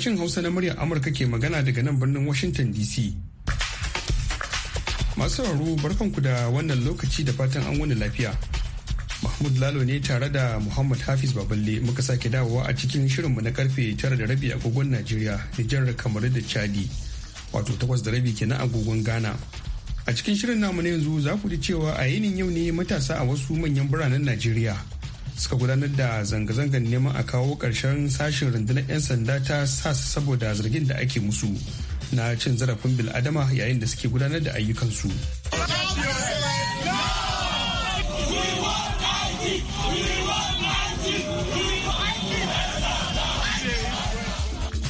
Sashen Hausa na muryar Amurka ke magana daga nan birnin Washington DC. Masu sauraro barkanku da wannan lokaci da fatan an wani lafiya. Mahmud Lalo ne tare da Muhammad Hafiz Baballe muka sake dawowa a cikin shirinmu na karfe tara da rabi agogon Najeriya, Nijar, kamar da Chadi, wato takwas da rabi kenan agogon Ghana. A cikin shirin namu na yanzu za ku ji cewa a yinin yau ne matasa a wasu manyan biranen Najeriya suka gudanar da zanga-zangar neman a kawo ƙarshen sashen rundunar 'yan sanda ta sasa saboda zargin da ake musu na cin zarafin bil'adama yayin da suke gudanar da ayyukansu.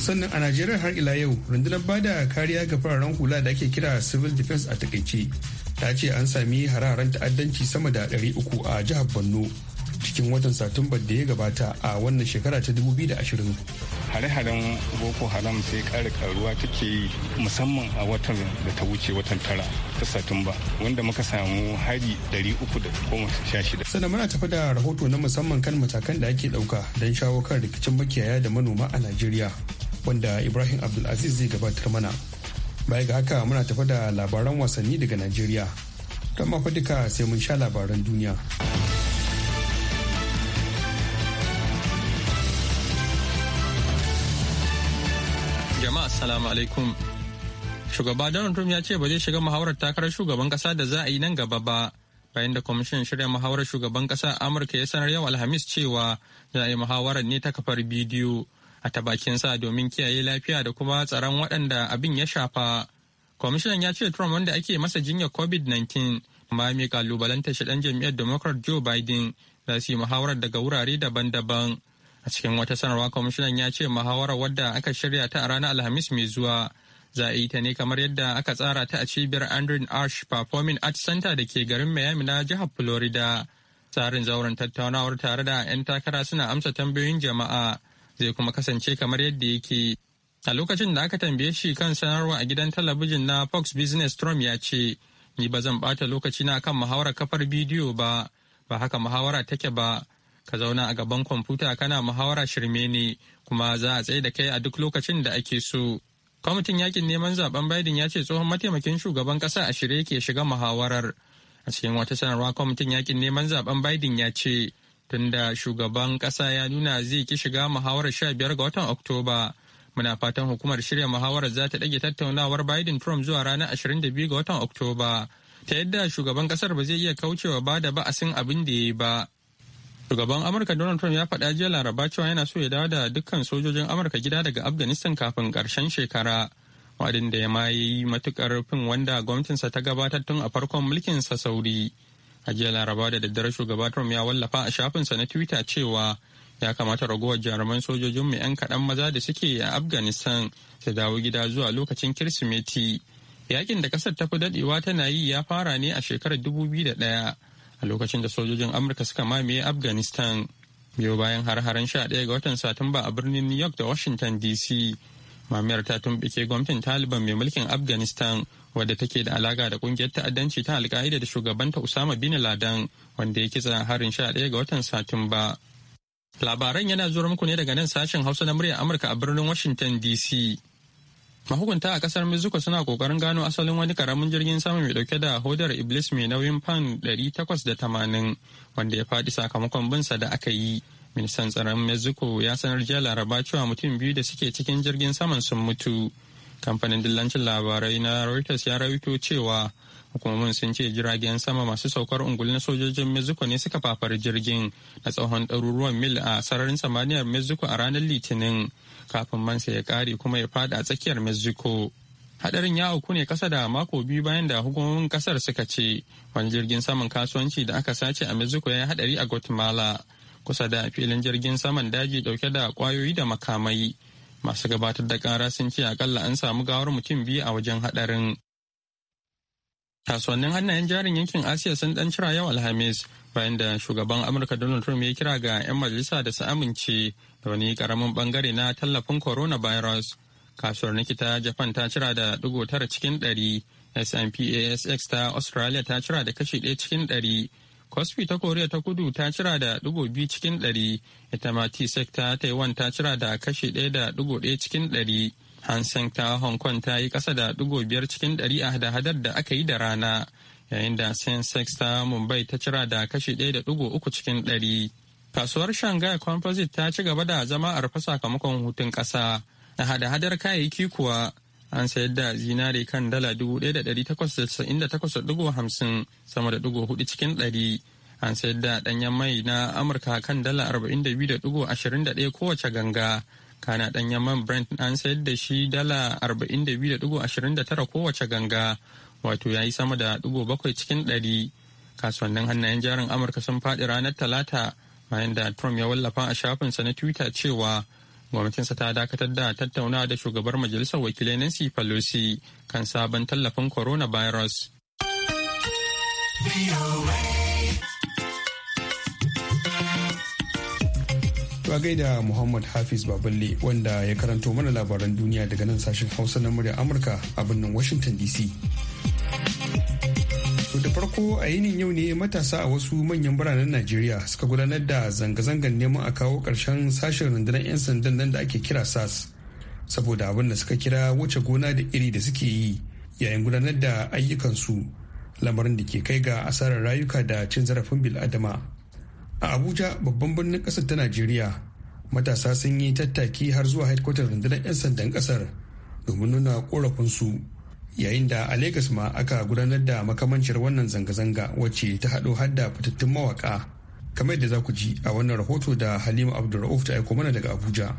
sannan a najeriya har ila yau rundunar bada kariya ga fararen hula da ake kira civil defense a takaice ta ce an sami hararen ta'addanci sama da 300 a jihar borno cikin watan satumba da ya gabata a wannan shekara ta 2020 hare-haren boko haram sai kare karuwa take yi musamman a watan da ta wuce watan tara ta satumba wanda muka samu hari 316 sannan muna tafi da rahoto na musamman kan matakan da ake ɗauka don shawo kan rikicin makiyaya da manoma a najeriya wanda ibrahim abdulaziz zai gabatar mana baya ga haka muna tafi da labaran wasanni daga najeriya don mafa duka sai mun sha labaran duniya. Assalamu alaikum. Shugaba Donald Trump ya ce ba zai shiga muhawarar takarar shugaban kasa da za a yi nan gaba ba, bayan da kwamishin shirya muhawarar shugaban kasa Amurka ya sanar yau Alhamis cewa za a yi muhawarar ne ta kafar bidiyo a ta bakin sa domin kiyaye lafiya da kuma tsaron waɗanda abin ya shafa. Kwamishinan ya ce Trump wanda ake masa jinyar COVID-19 ma mai kalubalanta shi ɗan jam'iyyar Democrat Joe Biden za su yi muhawarar daga wurare daban-daban. A cikin wata sanarwa kwamishinan ya ce muhawarar wadda aka shirya ta a ranar Alhamis mai zuwa za a yi ta ne kamar yadda aka tsara ta a cibiyar Andrew arch Performing Arts Center da ke garin Miami na jihar Florida. Tsarin zauren tattaunawar tare da 'yan takara suna amsa tambayoyin jama'a zai kuma kasance kamar yadda yake. A lokacin da aka tambaye shi kan sanarwa a gidan talabijin na Fox Business Trump ya ce, Ni ba zan bata lokaci na kan muhawarar kafar bidiyo ba, ba haka muhawara take ba, ka zauna a gaban kwamfuta kana muhawara shirme ne kuma za a tsaye da kai a duk lokacin da ake so. Kwamitin yakin neman zaben Biden ya ce tsohon mataimakin shugaban kasa a shirye ke shiga muhawarar. A cikin wata sanarwa kwamitin yakin neman zaben Biden ya ce tunda shugaban kasa ya nuna zai ki shiga muhawarar sha biyar ga watan Oktoba. Muna fatan hukumar shirya muhawarar za ta ɗage tattaunawar Biden Trump zuwa ranar ashirin da biyu ga watan Oktoba. Ta yadda shugaban kasar ba zai iya kaucewa ba da ba'asin abin da ya yi ba. Shugaban Amurka Donald Trump ya faɗa jiya Laraba cewa yana so ya dawo da dukkan sojojin Amurka gida daga Afghanistan kafin ƙarshen shekara. Wadin da ya ma yi matuƙar fin wanda gwamnatinsa ta gabatar tun a farkon mulkinsa sauri. A jiya Laraba da daddare shugaba Trump ya wallafa a shafinsa na Twitter cewa ya kamata ragowar jaruman sojojin mu 'yan kaɗan maza da suke a Afghanistan su dawo gida zuwa lokacin Kirsimeti. Yakin da ƙasar ta fi daɗewa tana yi ya fara ne a shekarar 2001 a lokacin da sojojin amurka suka mamaye afghanistan biyo bayan har-haren daya ga watan satumba a birnin new york da washington dc mamayar ta tumbike gwamnatin taliban mai mulkin afghanistan wadda take da alaka da kungiyar ta'addanci ta alka'ida da shugabanta usama bin laden wanda ya kitsa harin sha 11 ga watan satumba labaran yana zuwa muku ne daga nan sashen hausa na muryar amurka a birnin washington dc mahukunta a kasar mexico suna kokarin gano asalin wani karamin jirgin sama mai dauke da hodar iblis mai nauyin fan 880 wanda ya faɗi sakamakon binsa da aka yi ministan tsaron mexico ya sanar jiya laraba cewa mutum biyu da suke cikin jirgin saman sun mutu kamfanin dillancin labarai na reuters ya rawito cewa hukumomin sun ce jiragen sama masu saukar ungulu na sojojin mexico ne suka fafari jirgin na tsawon daruruwan mil a sararin samaniyar mexico a ranar litinin kafin mansa ya kare kuma ya fada a tsakiyar mexico hadarin ya auku ne kasa da mako biyu bayan da hukumomin kasar suka ce wani jirgin saman kasuwanci da aka sace a mexico ya hadari a guatemala kusa da filin jirgin saman daji dauke da kwayoyi da makamai masu gabatar da kara sun ce akalla an samu gawar mutum biyu a wajen hadarin kasuwannin hannayen jarin yankin asiya sun dan cira yau alhamis bayan da shugaban amurka donald trump ya kira ga 'yan majalisa da su amince da wani karamin bangare na tallafin coronavirus kasuwar nikita japan ta cira da digo tara cikin ɗari smpasx ta Australia ta cira da kashi ɗaya cikin ɗari. cosby ta Koriya ta Kudu ta cira da ɗigo biyu cikin ɗari. Ita ma ta Taiwan ta cira da kashi ɗaya da ɗigo ɗaya cikin ɗari. Hansen ta Hong Kong ta yi ƙasa da ɗigo biyar cikin ɗari a hada-hadar da aka yi da rana. Yayin da Sensex ta Mumbai ta cira da kashi ɗaya da ɗigo uku cikin ɗari. Kasuwar Shanghai Composite ta ci gaba da zama a rufe sakamakon hutun ƙasa na hada-hadar kayayyaki kuwa an sayar da zinare kan dala 1,898.50 sama da dubu hudu cikin ɗari. An sayar da ɗanyen mai na Amurka kan dala 42.21 kowace ganga. Kana ɗanyen man Brent an sayar da shi dala 42.29 kowace ganga. Wato ya yi sama da dubu bakwai cikin ɗari. Kasuwannin hannayen jarin Amurka sun faɗi ranar Talata bayan da Trump ya wallafa a shafinsa na Twitter cewa gwamnatinsa ta dakatar da tattaunawa da shugabar majalisar wakilai Nancy Pelosi kan sabon tallafin coronavirus. Ba gaida Muhammad Hafiz Baballe wanda ya karanto mana labaran duniya daga nan sashen Hausa na murya Amurka a birnin Washington DC. To da farko a yinin yau ne matasa a wasu manyan biranen Najeriya suka gudanar da zanga-zangar neman a kawo ƙarshen sashen rundunar 'yan sandan nan da ake kira SAS saboda abin da suka kira wuce gona da iri da suke yi yayin gudanar da ayyukansu lamarin da ke kai ga asarar rayuka da cin zarafin bil'adama. A Abuja babban birnin ƙasar ta Najeriya matasa sun yi tattaki har zuwa headquarter rundunar 'yan sandan ƙasar domin nuna korafin su yayin da a Legas ma aka gudanar da makamancin wannan zanga-zanga wacce ta haɗo hadda fitattun mawaka kamar yadda za ku ji a wannan rahoto da Halima Abdulrauf ta aiko mana daga Abuja.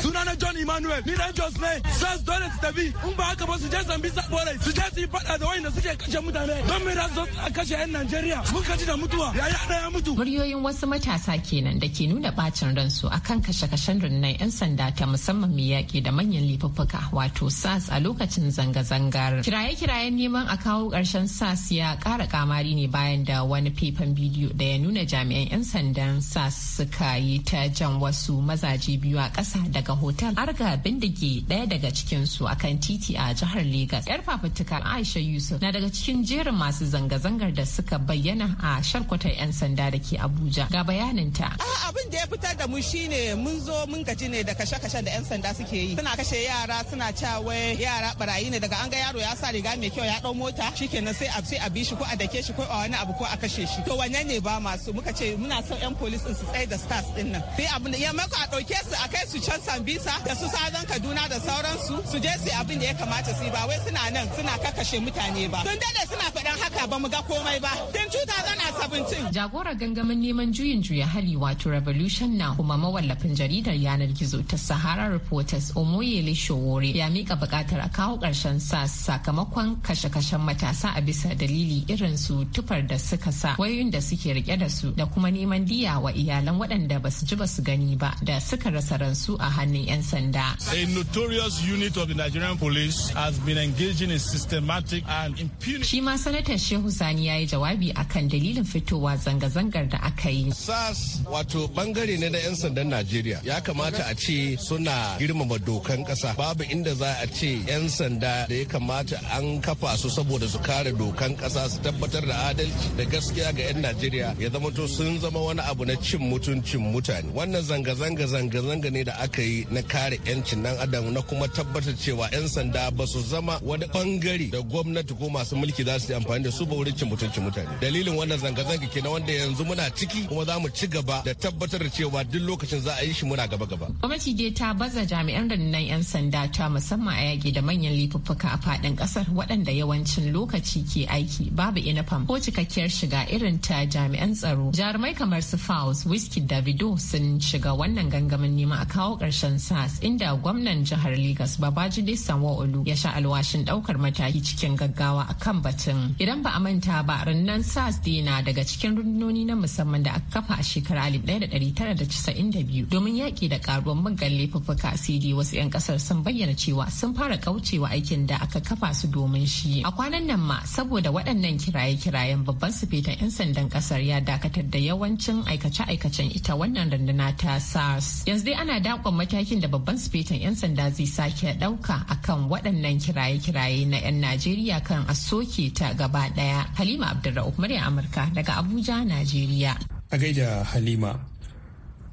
Sunana John Emmanuel, ni dan Jos ne, SAS dole su tafi, in ba haka ba su je Zambisa borai su je su yi fada da wayanda suke kashe mutane don mai razo a kashe yan Najeriya mun kaji da mutuwa ana ya mutu muryoyin wasu matasa kenan da ke nuna bacin ransu akan kashe-kashen rinnai yan sanda ta musamman mai yaƙi da manyan lifuffuka wato sas a lokacin zanga-zangar kiraye-kirayen neman a kawo ƙarshen SARS ya ƙara kamari ne bayan da wani faifan bidiyo da ya nuna jami'an 'yan sandan SARS suka yi ta jan wasu mazaje biyu a ƙasa daga hotel arga bindige ɗaya daga cikinsu akan titi a jihar Legas. yar fafutukar aisha yusuf na daga cikin jerin masu zanga-zangar da suka bayyana a sharkwatar 'yan sanda da ke abuja ga bayaninta ah, abin da ya fitar da mu shine mun zo mun gaji ne da kashe-kashen da 'yan sanda suke yi suna kashe yara suna cawe yara barayi ne daga an ga yaro ya sa riga mai kyau ya ɗau mota shikenan sai a sai a bi shi ko a dake shi ko a wani abu ko a kashe shi to wannan ne ba masu muka ce muna son 'yan polis su tsaye da stars din nan sai abin da ya a ɗauke su a kai su can sambisa da su sadan kaduna da sauransu su je su abin da ya kamata su yi ba wai suna nan suna kakashe mutane ba sun dade suna faɗan haka ba mu ga komai ba tun 2017 jagora gangamin neman juyin juya hali wato revolution na kuma mawallafin jaridar yanar gizo ta sahara reporters omoyele showore ya mika bukatar a kawo karshen sa sakamakon kashe-kashen matasa a bisa dalili irin su tufar da suka sa wayoyin da suke rike da su da kuma neman diya wa iyalan waɗanda ba su ji ba su gani ba da suka rasa ransu a hannun 'yan sanda. A notorious unit of the Nigerian police has been engaged Religion systematic and impunity. Shi ma sanatan Shehu Sani ya yi jawabi akan dalilin fitowa zanga-zangar da aka yi. SAS wato bangare ne na 'yan sandan Najeriya ya kamata a ce suna girmama dokan kasa. Babu inda za a ce 'yan sanda da ya kamata an kafa su saboda su kare dokan kasa su tabbatar da adalci da gaskiya ga 'yan Najeriya ya zama to sun zama wani abu na cin mutuncin mutane. Wannan zanga-zanga zanga-zanga ne da aka yi na kare 'yancin dan adam na kuma tabbatar cewa 'yan sanda ba su zama wani wani bangare da gwamnati ko masu mulki za su yi amfani da su ba wurin cin mutuncin mutane dalilin wannan zanga-zanga ke na wanda yanzu muna ciki kuma za mu ci gaba da tabbatar da cewa duk lokacin za a yi shi muna gaba-gaba gwamnati dai ta baza jami'an rundunar 'yan sanda ta musamman a yaƙi da manyan lifuffuka a faɗin kasar waɗanda yawancin lokaci ke aiki babu inafam ko cikakkiyar shiga irin ta jami'an tsaro jarumai kamar su faus whisky davido sun shiga wannan gangamin neman a kawo karshen sas inda gwamnan jihar lagos babajide sanwo-olu ya sha alwashin ɗau daukar mataki cikin gaggawa a kan batun. Idan ba a manta ba rannan SARS na daga cikin rundunoni na musamman da aka kafa a shekarar 1992 domin yaƙi da karuwar muggan laifuffuka CD wasu 'yan kasar sun bayyana cewa sun fara kaucewa aikin da aka kafa su domin shi. A kwanan nan ma saboda waɗannan kiraye-kirayen babban sufetan 'yan sandan kasar ya dakatar da yawancin aikace-aikacen ita wannan runduna ta SARS. Yanzu dai ana dakon matakin da babban sufetan 'yan sanda zai sake ɗauka akan waɗannan kiraye-kiraye kiraye na 'yan Najeriya kan a soke ta gaba ɗaya. Halima Abdulrahman murya Amurka daga Abuja, Najeriya. A gaida Halima.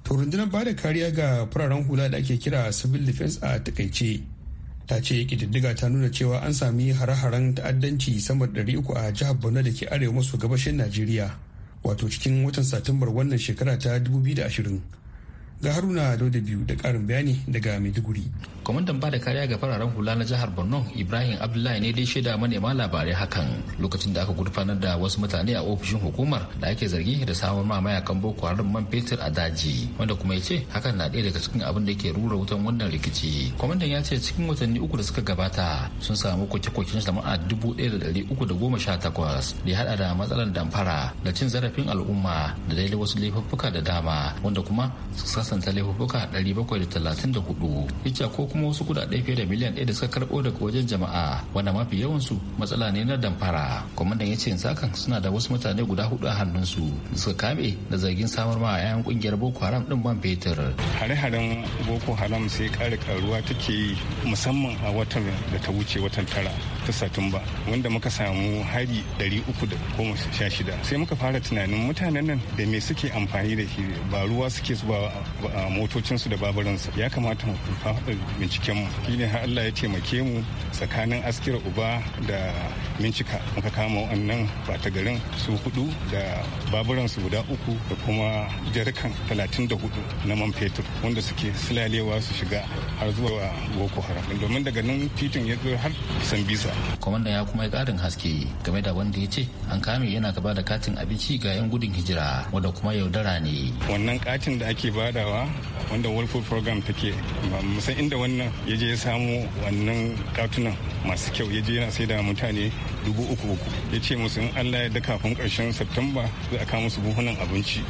To rundunar ba da kariya ga fararen hula da ake kira civil defense a takaice. Ta ce kididdiga ta nuna cewa an sami hare-haren ta'addanci sama da uku a jihar Borno da ke arewa maso gabashin Najeriya. Wato cikin watan Satumbar wannan shekara ta 2020. ga haruna da biyu da karin bayani daga maiduguri kwamandan ba da kariya ga fararen hula na jihar borno ibrahim abdullahi ne dai shaida manema labarai hakan lokacin da aka gurfanar da wasu mutane a ofishin hukumar da ake zargi da samun mamaya kan boko haram man fetur a daji wanda kuma ya ce hakan na ɗaya daga cikin abin da ke rura wutan wannan rikici kwamandan ya ce cikin watanni uku da suka gabata sun samu kwace-kwacen jama'a dubu ɗaya da ɗari uku da goma sha takwas da ya haɗa da matsalar damfara da cin zarafin al'umma da daidai wasu laifuffuka da dama wanda kuma suka sasanta laifuka 734 hijja ko kuma wasu kudade fiye da miliyan ɗaya da suka karbo daga wajen jama'a wanda mafi yawansu matsala ne na damfara kwamandan ya ce sakan suna da wasu mutane guda hudu a hannunsu da suka kame da zargin samar ma 'ya'yan kungiyar boko haram din man fetur hare-haren boko haram sai ƙara karuwa take musamman a watan da ta wuce watan tara ta satumba wanda muka samu hari 316 sai muka fara tunanin mutanen nan da me suke amfani da shi ba ruwa suke zuba a motocinsu da babaransu ya kamata mu faɗa binciken mu shine har Allah ya taimake mu tsakanin askira uba da mincika muka kama wannan bata garin su hudu da baburansu guda uku da kuma jarkan 34 na man fetur wanda suke silalewa su shiga har zuwa boko haram domin daga nan titin ya zo har sambisa kwamandan ya kuma yi karin haske game da wanda ya ce an kame yana gaba da katin abinci ga 'yan gudun hijira wanda kuma yaudara ne wannan katin da ake badawa wanda world food program take musan inda wannan ya je ya samu wannan katunan masu kyau ya je yana sai da mutane dubu uku uku ya ce musu in allah ya da kafin karshen satumba zai a kama su buhunan abinci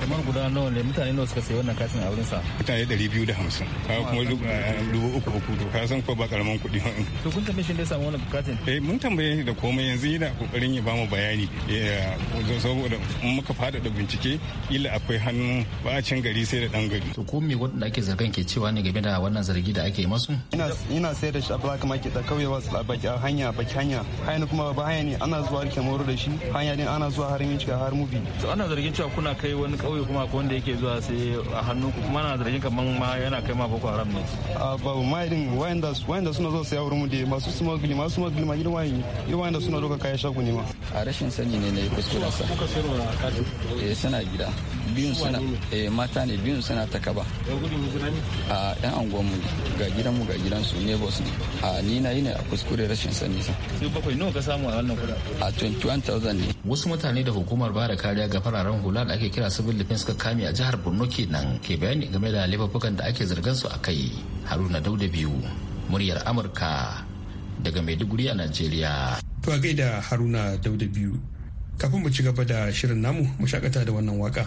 kamar guda nawa ne mutane nawa suka sayi wannan katin a wurinsa mutane ɗari biyu da hamsin kuma eh, dubu uku uku to ka san ko ba karamin kuɗi to kun tafi shi ne samu wannan eh mun tambaye da komai yanzu yana kokarin ya bamu bayani saboda muka muka faɗaɗa bincike ila akwai hannu bacin gari sai da dan gari to ko me wanda ake zargan ke cewa ne game da wannan zargi da ake masu ina sai da shi a black market da kauye wasu a baki hanya baki hanya hanya kuma ba hanya ne ana zuwa rike moro da shi hanya ne ana zuwa har minci har mubi to ana zargin cewa kuna kai wani kauye kuma ko wanda yake zuwa sai a hannu kuma ana zargin kaman ma yana kai ma boko haram ne a ba mai din wayanda wayanda suna zo sai wurin mu da masu smuggling masu kuma bilma girma yi girma da suna doka kayan shago ne ma a rashin sani ne na yi kuskuren sa eh suna gida biyun suna eh mata ne biyun suna ta kaba a yan anguwan mu ga gidan mu ga gidan su ne boss ne a ni na yi ne a kuskure rashin sani sa sai bakwai nawa ka samu a wannan kuɗa a 21000 ne wasu mutane da hukumar bada kariya ga fararen hula da ake kira civil defense ka kame a jihar Borno kenan ke bayani game da laifukan da ake zargansu su a kai Haruna Dauda biyu muryar Amurka daga Maiduguri a Najeriya. To a gaida Haruna Dauda biyu. Kafin mu ci gaba da shirin namu mu shakata da wannan waka.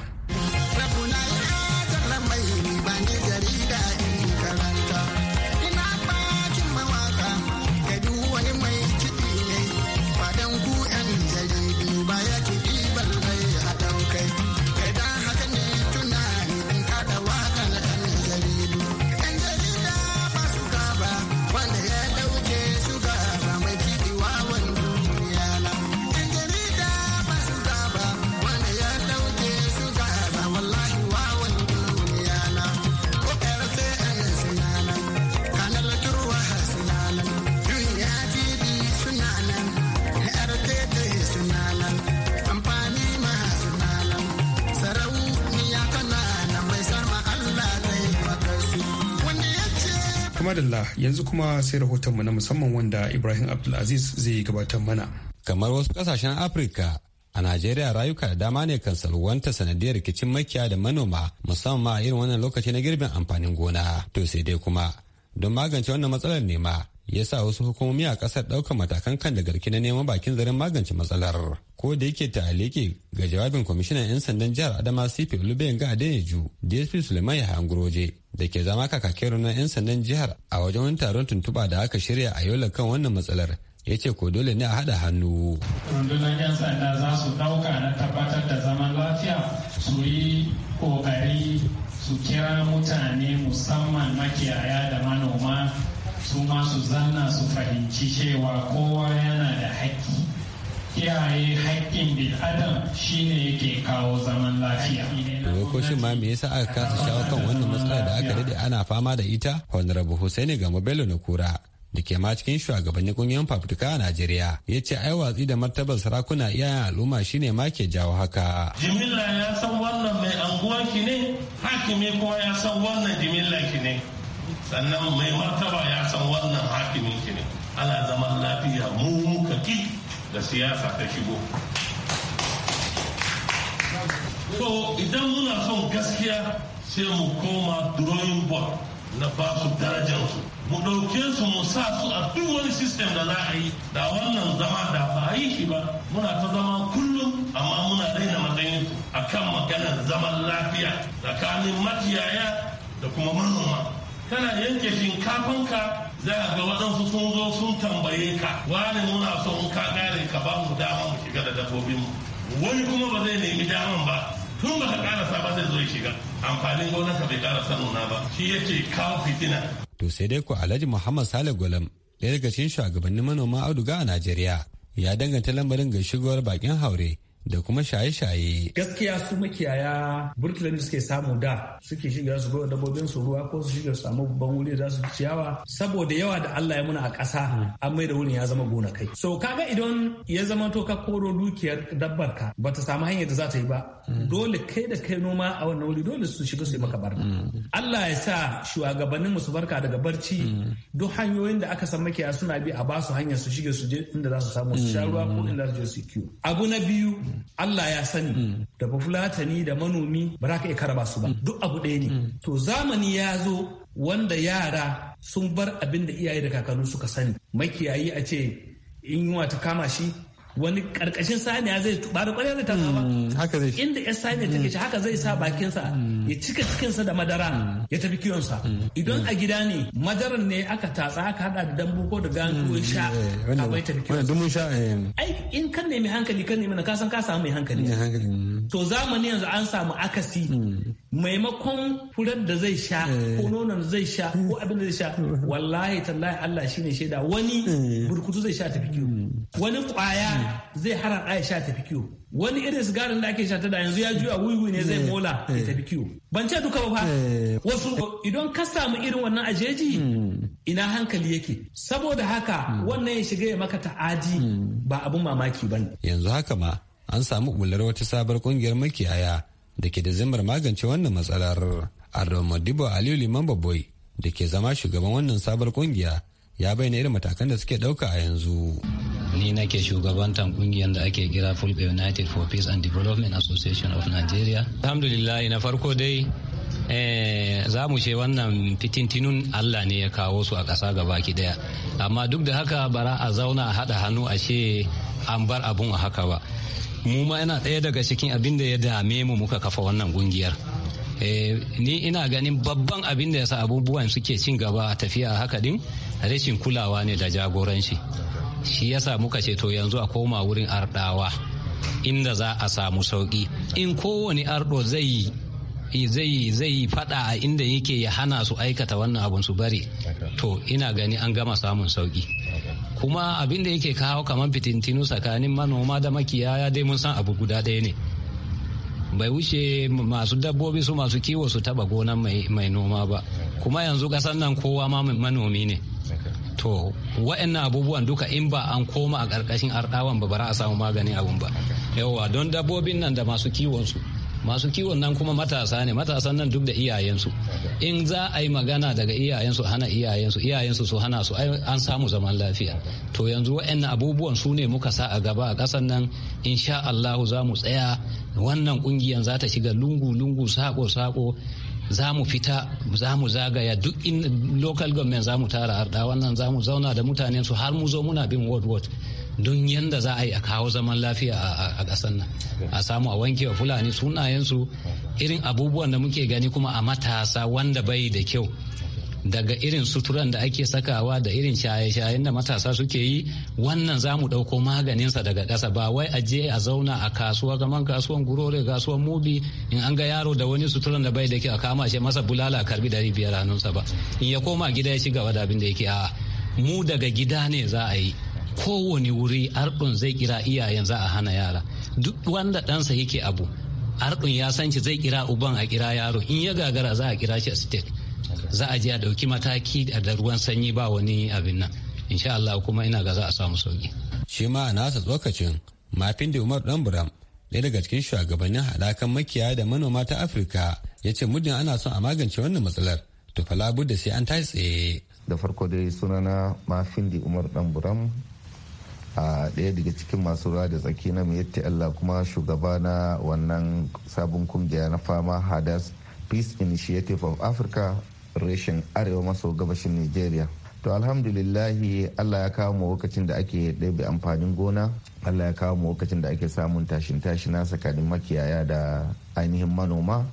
Tuma yanzu kuma sai rahotonmu na musamman wanda Ibrahim Abdulaziz zai gabatar mana. Kamar wasu kasashen Afirka, a Najeriya rayuka da dama ne kan salwanta sanadiyar rikicin makiya da manoma musamman a irin wannan lokaci na girbin amfanin gona. To sai dai kuma don magance wannan matsalar nema ya sa wasu hukumomi a kasar ɗaukar matakan kan da garki na neman bakin zaren magance matsalar ko da yake ta aleke ga jawabin kwamishinan 'yan sandan jihar adama cp olubayin ga adeyeju dsp suleiman ya hangroje da ke zama kakakin na 'yan sandan jihar a wajen wani taron tuntuɓa da aka shirya a yola kan wannan matsalar ya ce ko dole ne a haɗa hannu. rundunar 'yan sanda za su ɗauka na tabbatar da zaman lafiya su yi ƙoƙari su kira mutane musamman makiyaya da manoma su masu su zanna su fahimci cewa kowa yana da haƙƙi kiyaye haƙƙin bil adam shine yake kawo zaman lafiya to ko shin ma me yasa aka kasa shawo kan wannan matsala da aka dade ana fama da ita honorable Husaini ga Bello na kura da ke ma cikin shugabannin kungiyoyin fafutuka a Najeriya ya ce ai watsi da martabar sarakuna iyayen al'umma shine ma ke jawo haka. Jimilla ya san wannan mai anguwa ki ne, hakimi kuma ya san wannan jimilla ki ne. sannan mai martaba ya san wannan hakimin shi ne ana zaman lafiya mu muka ki da siyasa ta shigo so idan muna son gaskiya sai mu koma drawing board na ba su darajarsu mu ɗauke su mu sa su a duk wani system da za a yi da wannan zama da ba a yi shi ba muna ta zama kullum amma muna daina matsayin a kan maganar zaman lafiya tsakanin makiyaya da kuma manoma kana yanke shinkafanka za a ga waɗansu sun zo sun tambaye ka wani muna son ka ƙare ka ba mu dama mu shiga da dabbobinmu wani kuma ba zai nemi daman ba tun ba ka karasa ba zai zo ya shiga amfanin ka bai karasa nuna ba shi ya ce kawo fitina to sai dai ku alhaji muhammad sale gwalam ɗaya daga cikin shugabannin manoma auduga a najeriya ya danganta lamarin ga shigowar bakin haure da kuma shaye-shaye. Gaskiya su makiyaya burkilan da suke samu da suke shiga su gowa dabbobin su ruwa ko su shiga su samu babban wuri za su ci ciyawa saboda yawa da Allah ya muna a ƙasa an mai da wurin ya zama gona kai. So kaga idan ya zama to ka koro dukiyar dabbar ka bata samu hanyar da za ta yi ba dole kai da kai noma a wannan wuri dole su shiga su yi maka barna. Allah ya sa shugabannin mu su barka daga barci duk hanyoyin da aka san makiyaya suna bi a basu hanyar su shiga su je inda za su samu su sha ruwa ko inda za su je su kiwo. Abu na biyu Allah ya sani mm. da bafulatani da manomi ba za ka iya karaba su ba mm. duk abu ɗaya ne mm. to zamani ya zo wanda yara sun bar abin da iyaye da kakanni suka sani makiyayi a ce in yunwa ta kama shi wani karkashin saniya zai ba da kwarewa ta ba mm, haka zai inda ya saniya take shi haka zai sa bakinsa mm. ya cika cikinsa da madara mm. ya tafi sa idan a gida ne madaran ne aka tatsa aka hada da dambu ko da gano ya sha a bai tafi sha eh. ai in kan nemi hankali kan nemi na kasan ka samu mai hankali to zamani yanzu an samu akasi maimakon furar da zai sha eh. ko nonon zai sha ko abin da zai sha wallahi tallahi Allah shine shaida wani eh. burkutu zai sha tafi kiyo hmm. wani kwaya hmm. zai hara ɗaya sha tafi kiyo wani irin sigarin da ake shata da yanzu ya juya wuiwui ne zai eh. mola ya tafi kiwo ban ce duka ba fa wasu idan ka samu irin wannan ajeji hmm. ina hankali yake saboda haka wannan ya shiga ya maka ta'adi ba abun mamaki ba yanzu haka ma an samu bular wata sabar kungiyar makiyaya da ke da zimmar magance wannan matsalar adamu madibo aliyu liman babboi da ke zama shugaban wannan sabar kungiya ya bayyana irin matakan da suke dauka a yanzu ni nake shugabantan kungiyar da ake kira fulbe united for peace and development association of nigeria alhamdulillah na farko dai eh, za mu ce wannan fitintinun allah ne ya kawo su a ƙasa ki daya amma duk da haka bara a zauna a haɗa hannu a ce an bar abun a haka ba mu ma yana ɗaya daga cikin abin da ya dame mu muka kafa wannan kungiyar eh, ni ina ganin babban abin da yasa abubuwan suke cin gaba a tafiya haka din rashin kulawa ne da jagoranci shi yasa muka ce to yanzu a koma wurin ardawa inda za a samu sauki in kowane ardo zai zai zai fada a inda yake ya hana su aikata wannan abun su bari to ina gani an gama samun sauki kuma abin da yake kawo kamar fitintinu tsakanin manoma da makiyaya dai mun san abu guda ɗaya ne bai wuce masu dabbobi su masu kiwo su taba gonan mai noma ba kuma yanzu kasan nan kowa ma manomi ne to wa'annan abubuwan duka in ba an koma a ƙarƙashin arɗawan ba bara a samu maganin abun ba yawa don dabbobin nan da masu kiwon su masu kiwon nan kuma matasa ne matasan nan duk da iyayensu in za a yi magana daga iyayensu hana iyayensu iyayensu su hana su an samu zaman lafiya to yanzu wa'annan abubuwan su ne muka sa a gaba a kasan nan insha Allahu za mu tsaya wannan ƙungiyar za ta shiga lungu-lungu sako-sako za mu fita za mu zagaya duk in local government za mu tara arda wannan za mu zauna da mutanen su har mu zo muna bin ward ward don yadda za a yi a kawo zaman lafiya a ƙasar nan a samu a wanke wa fulani sunayensu irin abubuwan da muke gani kuma a matasa wanda bai da kyau daga irin suturan da ake sakawa da irin shaye-shayen da matasa suke yi wannan za mu ɗauko maganinsa daga ƙasa ba wai a je a zauna a kasuwa gaman kasuwan gurore kasuwan mubi in an ga yaro da wani suturan da bai da kyau a kama shi masa bulala a karbi dari biyar hannunsa ba in ya koma gida ya ci gaba da abin da yake a mu daga gida ne za a yi kowane wuri arɗin zai kira iyayen za a hana yara duk wanda ɗansa yake abu arɗin ya san shi zai kira uban a kira yaro in ya gagara za a kira shi a state za a je a ɗauki mataki da ruwan sanyi ba wani abin nan insha Allah kuma ina ga za a samu sauki. shi ma nasa tsokacin mafin da umar dan buram ɗaya daga cikin shugabannin haɗakan makiya da manoma ta afirka yace ce ana son a magance wannan matsalar to fa da sai an tashi tsaye da farko dai sunana da umar dan buram a ɗaya daga cikin masu ruwa da tsaki na miyatti Allah kuma shugaba na wannan sabon kungiya na fama hadas peace initiative of africa reshen arewa maso gabashin nigeria to alhamdulillahi Allah ya kawo mu lokacin da ake ɗebe amfanin gona Allah ya kawo mu lokacin da ake samun tashin tashi na tsakanin makiyaya da ainihin manoma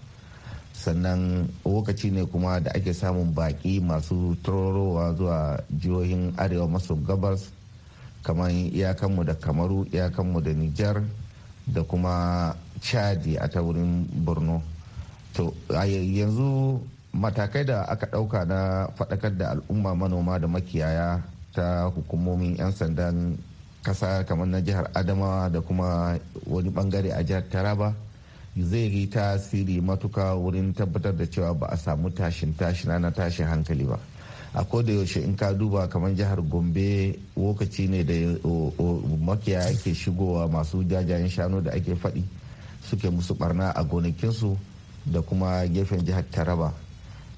sannan lokaci ne kuma da ake samun baƙi masu turorowa zuwa jihohin arewa maso gabas kamar iyakanmu da kamaru iyakanmu da nijar da kuma chadi a ta wurin borno to yanzu matakai da aka ɗauka na faɗakar da al'umma manoma da makiyaya ta hukumomin 'yan sandan kasa kamar na jihar adamawa da kuma wani bangare a jihar taraba zai yi tasiri matuka wurin tabbatar da cewa ba a samu tashin tashina na tashin hankali ba a koda yaushe in ka duba kamar jihar gombe lokaci ne da makiyaya ke shigowa masu jajayen shanu da ake faɗi suke musu barna a gonakinsu da kuma gefen jihar taraba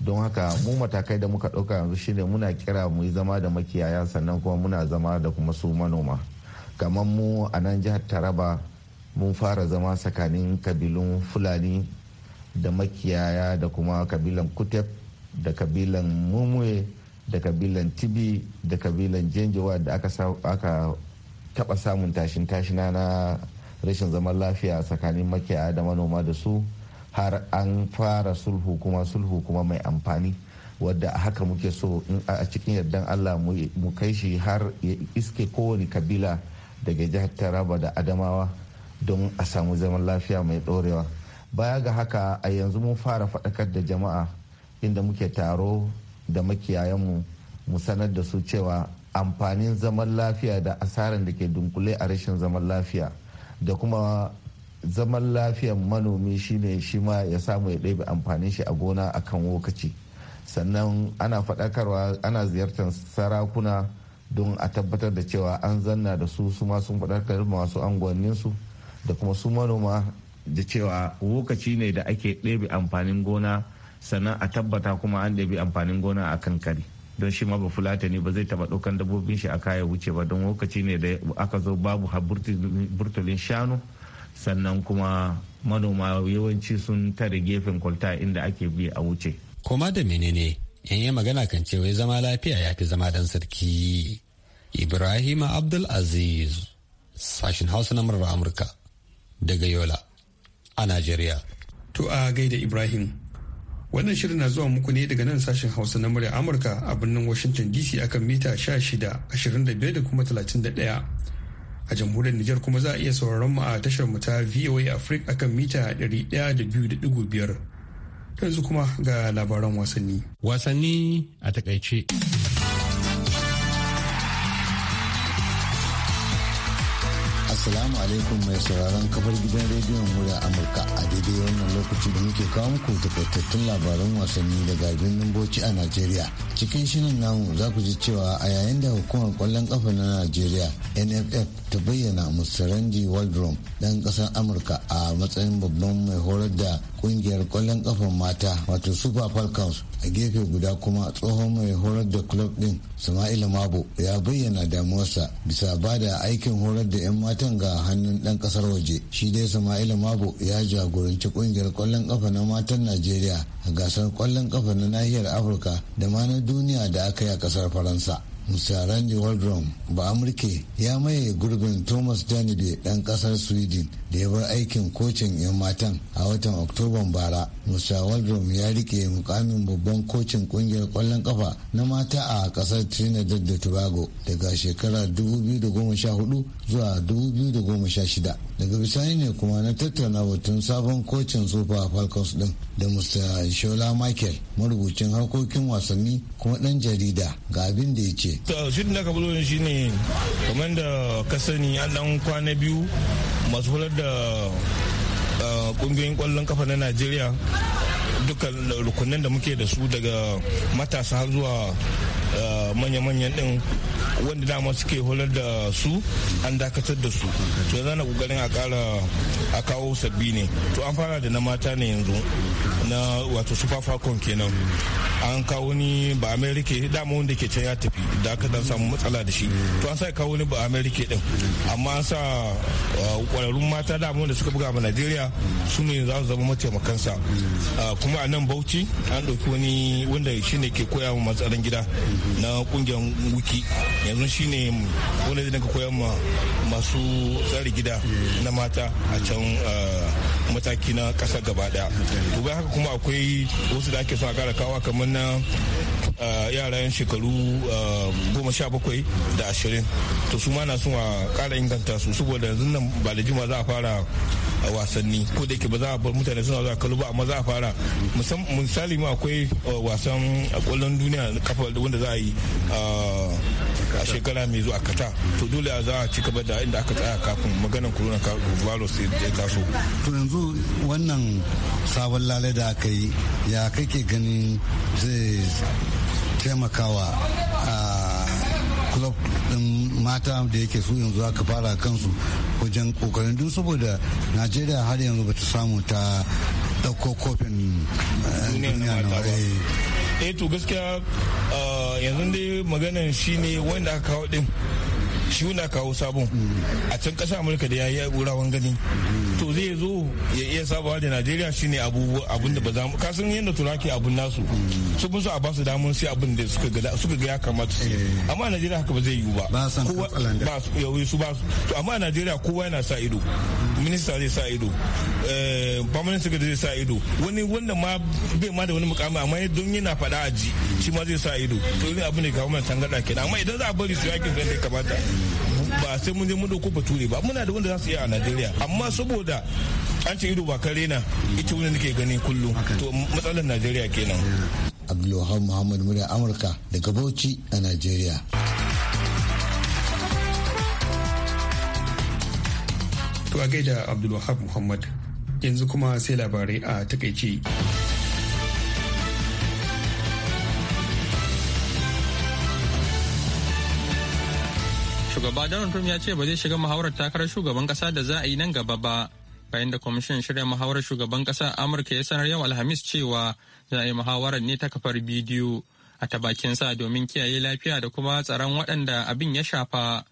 don haka mu matakai da muka ɗauka yanzu shine muna kira mu zama da makiyaya sannan kuma muna zama da kuma su manoma kamar mu a nan jihar taraba mun fara zama tsakanin kabilun fulani da makiyaya da kuma kabilan kutep da kabilan mumuye da kabilan tibi da kabilan jenjewa da aka taba samun tashin tashina na rashin zaman lafiya tsakanin makiyaya da manoma da su har an fara sulhu kuma sulhu kuma mai amfani wadda haka muke so a cikin yardan allah mu kai shi har ya iske kowane kabila daga jihar taraba da adamawa don a samu zaman lafiya mai dorewa baya ga haka a yanzu mun fara faɗakar da jama'a inda muke taro da makiyayanmu mu sanar da su cewa amfanin zaman lafiya da asaran da ke dunkule a rashin zaman lafiya da kuma zaman lafiyan manomi shine shi ma ya samu ya ɗebe amfanin shi a gona a kan lokaci sannan ana faɗakarwa ana ziyartar sarakuna don a tabbatar da cewa an zanna da su su ma sun faɗakar masu anguwanninsu da kuma su manoma da cewa lokaci ne da ake ɗebe amfanin gona sannan a tabbata kuma an ɗabi amfanin gona a kan kari don shi ma ba fulata ne ba zai taba ɗaukan dabbobin shi a kaya wuce ba don lokaci ne da aka zo babu burtulin shanu sannan kuma manoma yawanci sun tare gefen kwalta inda ake bi a wuce. koma da menene in yi magana kan cewa ya zama lafiya ya fi zama dan sarki ibrahim abdul aziz sashen hausa na murar amurka daga yola a najeriya to a gaida ibrahim Wannan shirin na zuwa muku ne daga nan sashen Hausa na murya Amurka a birnin Washington DC akan mita 16, da kuma 31. A jamhuriyar Nijar kuma za a iya sauraron mu a tashar mu ta VOA Africa akan mita da biyar, Yanzu kuma ga labaran wasanni. Wasanni a takaice. Assalamu alaikum mai sauraron kafar gidan rediyon murya Amurka a daidai wannan lokaci da muke kawo muku takaitattun labaran wasanni daga birnin Bauchi a Najeriya. Cikin shirin namu za ku ji cewa a yayin da hukumar kwallon kafa na Najeriya NFF ta bayyana Musaranji Waldron dan kasar Amurka a matsayin babban mai horar da kungiyar kwallon kafa mata wato Super Falcons a gefe guda kuma tsohon mai horar da club din Sama'ila Mabo ya bayyana damuwarsa bisa ba da aikin horar da 'yan matan kwallon ga hannun ɗan ƙasar waje shi dai sama'ila mabo ya jagoranci ƙungiyar kwallon ƙafa na matan najeriya a gasar ƙwallon ƙafa na nahiyar afirka da ma na duniya da aka yi a ƙasar faransa Mr. Waldron ba Amurke ya maye gurbin Thomas Danibe ɗan ƙasar Sweden da ya bar aikin kocin 'yan matan a watan Oktoban bara. musa Waldron ya rike mukamin babban kocin ƙungiyar kwallon kafa na mata a ƙasar Trinidad da Tobago daga shekarar 2014 zuwa 2016. Daga bisani ne kuma na tattauna batun sabon kocin Super Falcons ɗin da Mr. Shola Michael marubucin harkokin wasanni kuma dan jarida ga abin da ya ce. Shirin da ka bulo shi ne kamar da ka sani an dan kwana biyu masu hular da kungiyoyin kwallon kafa na Najeriya dukkan rukunan da muke da su daga matasa har zuwa Eh, manya-manyan din wanda dama suke holar da su an dakatar da su to yanzu na kokarin a kara a kawo sabbi ne to an fara da na mata ne yanzu na wato super falcon kenan an kawo ni ba america dama wanda ke can ya tafi da aka dan samu matsala da shi to an sa kawo ni ba america din amma an sa eh, kwararrun mata dama wanda suka buga ma nigeria su ne za su zama mataimakansa eh, kuma a nan bauchi an ɗauki wani wanda shine ke koya wa matsalan gida na kungiyar wiki yanzu shine wanda zai dinga koyar ma masu tsari gida na mata a can eh, mataki na kasa gaba daya to haka kuma akwai wasu da ake son a kara kawa kamar na yaran shekaru goma sha bakwai da ashirin to su ma na son a kara inganta su saboda yanzu nan ba da jima za a fara wasanni ko da ke ba za a bar mutane suna zuwa kalu ba amma za a fara misali ma akwai wasan kwallon duniya kafa wanda za a yi A shekara mai zuwa kata to dole a za a ci gaba da inda aka tsaya kafin maganar corona virus ya taso to yanzu wannan sabon lalai da aka yi ya kake ganin zai taimakawa a club din mata da yake su yanzu aka fara kansu wajen kokarin dun saboda najeriya har yanzu bata samu ta dauko kofin eh, duniya na eh to gaskiya yanzu dai maganan shine wanda aka kawo din shi na kawo sabon a can kasa amurka da ya yi wurawan gani to zai zo ya iya sabawa da najeriya shine abun da ba za mu kasan yadda turaki abun nasu su kun so a ba su damar sai abun da suka ga suka ga ya kamata su eh. amma najeriya haka ba zai yiwu ba ba ba su yawi su ba su to amma najeriya kowa yana sa ido minista zai sa ido su eh, secretary zai sa ido wani wanda ma bai ma da wani mukami amma don yana faɗa a ji shi ma zai sa ido to irin abin da kawo mana tangarda kenan amma idan za a bari su yakin da kamata ba sai mun je mun dauko bature ba muna da wanda za su yi a Najeriya amma saboda an ce ido ba kare na ita wani nake gani kullum to matsalar Najeriya kenan Abdulwahab Muhammad murya Amurka daga Bauchi a Najeriya To a gaida Abdulwahab Muhammad yanzu kuma sai labarai a takaice. shugaba donald trump ya ce ba zai shiga muhawarar takarar shugaban kasa da za a yi nan gaba ba bayan da kwamishin shirya muhawarar shugaban kasa amurka ya sanar yau alhamis cewa za a yi muhawarar ne ta kafar bidiyo a ta bakin sa domin kiyaye lafiya da kuma tsaron waɗanda abin ya shafa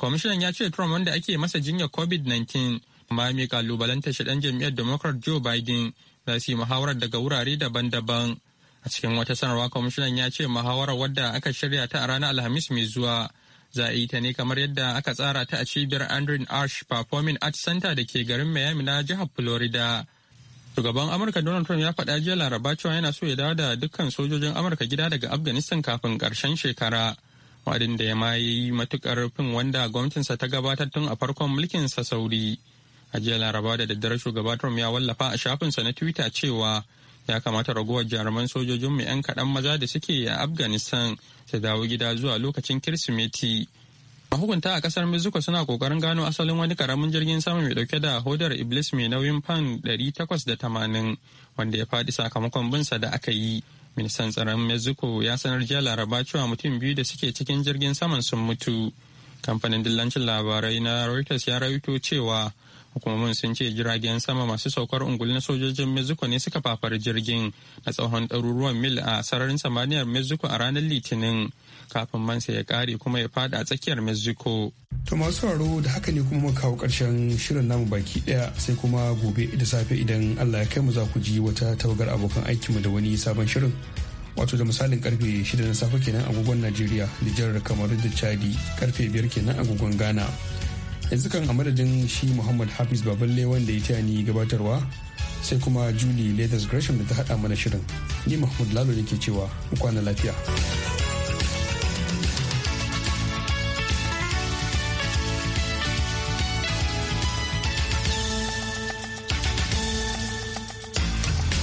kwamishinan ya ce trump wanda ake masa jinyar covid-19 ma mai kalubalanta shi dan jam'iyyar democrat joe biden za su yi muhawarar daga wurare daban-daban a cikin wata sanarwa kwamishinan ya ce muhawarar wadda aka shirya ta a ranar alhamis mai zuwa Za a yi ta ne kamar yadda aka tsara ta a cibiyar Andrew Ash Performing Arts Center da ke garin Miami na jihar Florida. Shugaban Amurka Donald Trump ya faɗa jiya Laraba cewa yana so ya dawo da dukkan sojojin Amurka gida daga Afghanistan kafin ƙarshen shekara. Wadin da ya ma yi matukar fin wanda gwamnatinsa ta gabatar tun a farkon mulkinsa sauri. A jiya Laraba da daddare shugaba Trump ya wallafa a shafinsa na Twitter cewa ya kamata ragowar jaruman sojojinmu 'yan kaɗan maza da suke a afghanistan su dawo gida zuwa lokacin kirsimeti mahukunta a ƙasar mexico suna ƙoƙarin gano asalin wani ƙaramin jirgin sama mai ɗauke da hodar iblis mai nauyin fan tamanin wanda ya faɗi sakamakon binsa da aka yi ministan tsaron mexico ya sanar jiya laraba cewa mutum biyu da suke cikin jirgin saman sun mutu kamfanin dillancin labarai na reuters ya rawaito cewa hukumomin sun ce jiragen sama masu saukar ungul na sojojin mexico ne suka fafari jirgin na tsawon ɗaruruwan mil a sararin samaniyar mexico a ranar litinin kafin mansa ya kare kuma ya fada a tsakiyar mexico to masu sauraro da haka ne kuma kawo karshen shirin namu baki daya sai kuma gobe da safe idan allah ya kai mu za ku ji wata tawagar abokan aikinmu da wani sabon shirin wato da misalin karfe 6 na safe kenan agogon najeriya nijar kamar kamaru da chadi karfe 5 kenan agogon ghana yanzu kan a madadin shi muhammad hafiz baballe wanda ya taya ni gabatarwa sai kuma julie leathers gresham da ta hada mana shirin ni mahmud lalo ne ke cewa kwana lafiya